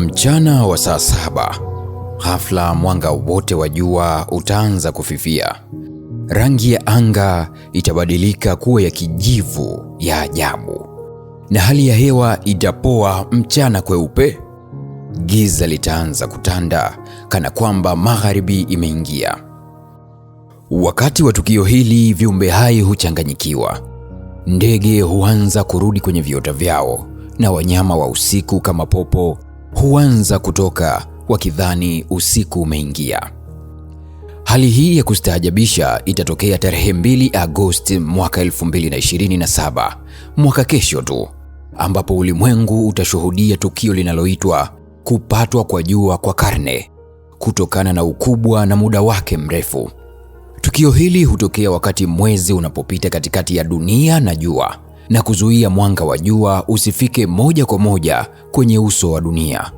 Mchana wa saa saba, ghafla mwanga wote wa jua utaanza kufifia. Rangi ya anga itabadilika kuwa ya kijivu ya ajabu, na hali ya hewa itapoa mchana kweupe. Giza litaanza kutanda kana kwamba magharibi imeingia. Wakati wa tukio hili, viumbe hai huchanganyikiwa. Ndege huanza kurudi kwenye viota vyao na wanyama wa usiku kama popo huanza kutoka wakidhani usiku umeingia. Hali hii ya kustaajabisha itatokea tarehe 2 Agosti mwaka 2027, mwaka kesho tu, ambapo ulimwengu utashuhudia tukio linaloitwa kupatwa kwa jua kwa karne kutokana na ukubwa na muda wake mrefu. Tukio hili hutokea wakati mwezi unapopita katikati ya dunia na jua, na kuzuia mwanga wa jua usifike moja kwa moja kwenye uso wa dunia.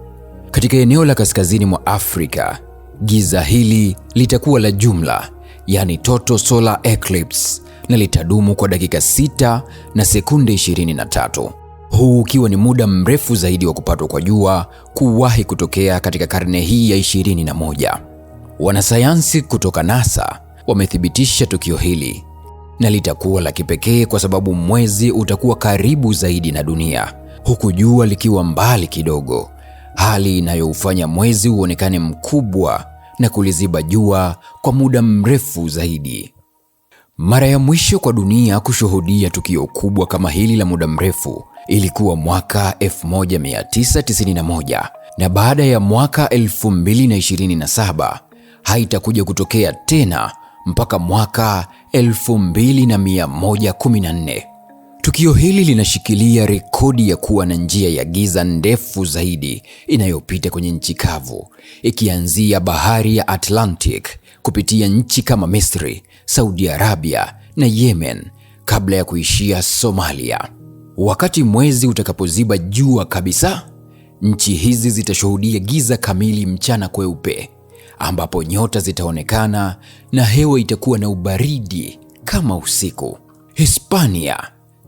Katika eneo la kaskazini mwa Afrika, giza hili litakuwa la jumla, yani total solar eclipse, na litadumu kwa dakika 6 na sekunde 23, huu ukiwa ni muda mrefu zaidi wa kupatwa kwa jua kuwahi kutokea katika karne hii ya 21. Wanasayansi kutoka NASA wamethibitisha tukio hili na litakuwa la kipekee kwa sababu mwezi utakuwa karibu zaidi na dunia, huku jua likiwa mbali kidogo, hali inayoufanya mwezi uonekane mkubwa na kuliziba jua kwa muda mrefu zaidi. Mara ya mwisho kwa dunia kushuhudia tukio kubwa kama hili la muda mrefu ilikuwa mwaka 1991 na baada ya mwaka 2027 haitakuja kutokea tena mpaka mwaka 2114. Tukio hili linashikilia rekodi ya kuwa na njia ya giza ndefu zaidi inayopita kwenye nchi kavu, ikianzia bahari ya Atlantic kupitia nchi kama Misri, Saudi Arabia na Yemen kabla ya kuishia Somalia. Wakati mwezi utakapoziba jua kabisa, nchi hizi zitashuhudia giza kamili mchana kweupe ambapo nyota zitaonekana na hewa itakuwa na ubaridi kama usiku. Hispania,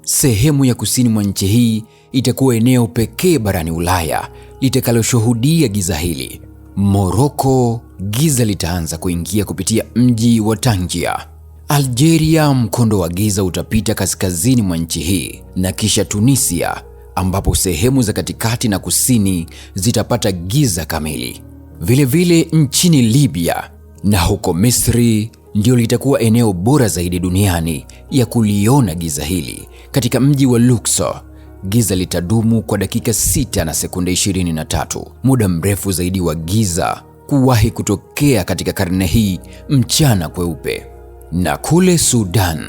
sehemu ya kusini mwa nchi hii, itakuwa eneo pekee barani Ulaya litakaloshuhudia giza hili. Moroko, giza litaanza kuingia kupitia mji wa Tangia. Algeria, mkondo wa giza utapita kaskazini mwa nchi hii na kisha Tunisia, ambapo sehemu za katikati na kusini zitapata giza kamili. Vilevile vile nchini Libya na huko Misri ndio litakuwa eneo bora zaidi duniani ya kuliona giza hili. Katika mji wa Luxor, giza litadumu kwa dakika 6 na sekunde 23, muda mrefu zaidi wa giza kuwahi kutokea katika karne hii, mchana kweupe. Na kule Sudan,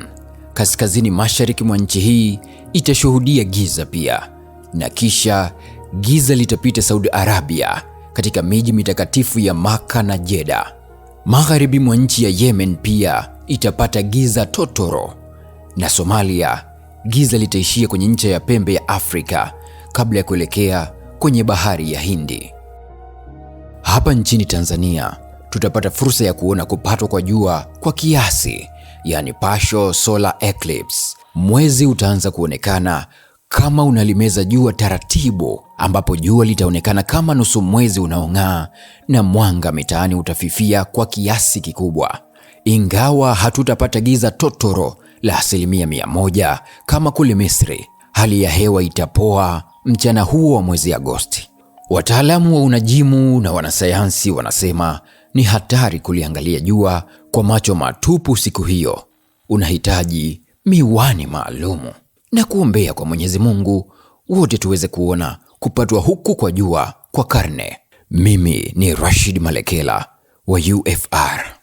kaskazini mashariki mwa nchi hii itashuhudia giza pia, na kisha giza litapita Saudi Arabia katika miji mitakatifu ya Maka na Jeda. Magharibi mwa nchi ya Yemen pia itapata giza totoro, na Somalia giza litaishia kwenye ncha ya pembe ya Afrika kabla ya kuelekea kwenye bahari ya Hindi. Hapa nchini Tanzania tutapata fursa ya kuona kupatwa kwa jua kwa kiasi, yani partial solar eclipse. Mwezi utaanza kuonekana kama unalimeza jua taratibu, ambapo jua litaonekana kama nusu mwezi unaong'aa na mwanga mitaani utafifia kwa kiasi kikubwa, ingawa hatutapata giza totoro la asilimia mia moja kama kule Misri. Hali ya hewa itapoa mchana huo wa mwezi Agosti. Wataalamu wa unajimu na wanasayansi wanasema ni hatari kuliangalia jua kwa macho matupu siku hiyo, unahitaji miwani maalumu na kuombea kwa Mwenyezi Mungu wote tuweze kuona kupatwa huku kwa jua kwa karne. Mimi ni Rashid Malekela wa UFR.